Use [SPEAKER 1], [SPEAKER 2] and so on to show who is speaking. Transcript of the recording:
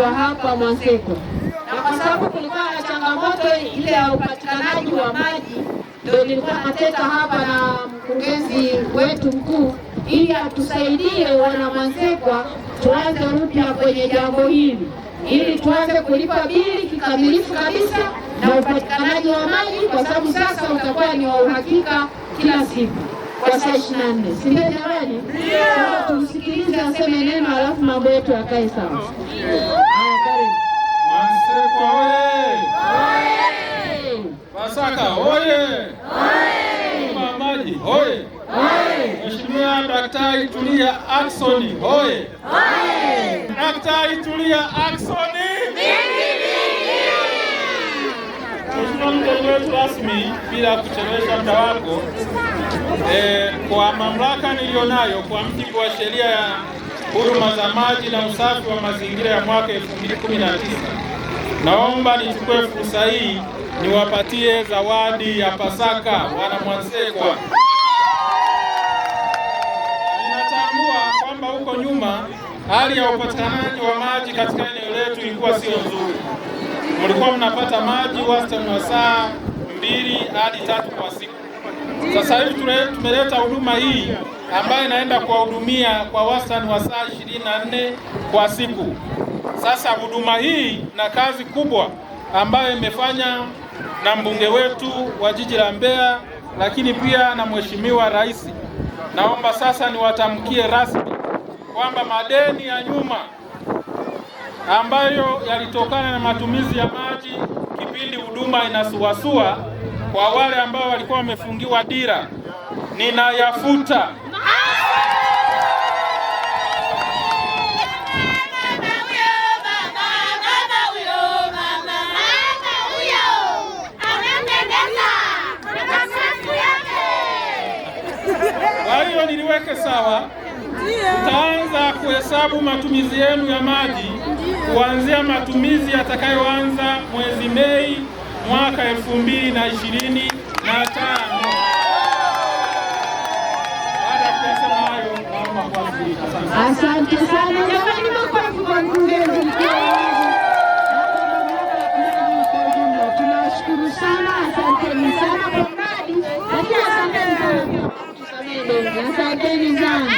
[SPEAKER 1] kwa hapa Mwaseku, na kwa sababu kulikuwa na changamoto ile ya upatikanaji wa maji, ndio nilikuwa nateta hapa na mkurugenzi wetu mkuu, ili atusaidie wana mwansekwa tuanze upya kwenye jambo hili, ili tuanze kulipa bili kikamilifu kabisa na upatikanaji wa maji, kwa sababu sasa utakuwa ni wa uhakika kila siku kwa saa ishirini na nne si ndio? Jamani, tumsikilize aseme neno, alafu mambo yetu yakae sawa.
[SPEAKER 2] Pasaka oye! Mamaji oye! Mheshimiwa Daktari Tulia Ackson oye! Daktari Tulia Ackson Mheshimiwa mgeni wetu rasmi, bila kuchelewesha muda wako e, kwa mamlaka niliyonayo kwa mujibu wa sheria ya huduma za maji na usafi wa mazingira ya mwaka 2019 naomba nichukue fursa hii niwapatie zawadi ya Pasaka wana Mwansekwa. Ninatambua kwamba huko nyuma hali ya upatikanaji wa maji katika eneo letu ilikuwa sio nzuri. Mlikuwa mnapata maji wastani wa saa mbili hadi tatu kwa siku. Sasa hivi tumeleta huduma hii ambayo inaenda kuwahudumia kwa wastani wa saa ishirini na nne kwa siku. Sasa huduma hii na kazi kubwa ambayo imefanya na mbunge wetu wa jiji la Mbeya, lakini pia na mheshimiwa rais, naomba sasa niwatamkie rasmi kwamba madeni ya nyuma ambayo yalitokana na matumizi ya maji kipindi huduma inasuasua kwa wale ambao walikuwa wamefungiwa dira, ninayafuta. Kwa hiyo niliweke sawa taanza kuhesabu matumizi yenu ya maji kuanzia matumizi yatakayoanza mwezi Mei mwaka elfu mbili na ishirini na tano. Baada
[SPEAKER 1] Asante sana tunashukuru sana, asanteni sana kwa mradi, lakini asanteni sana, asanteni sana.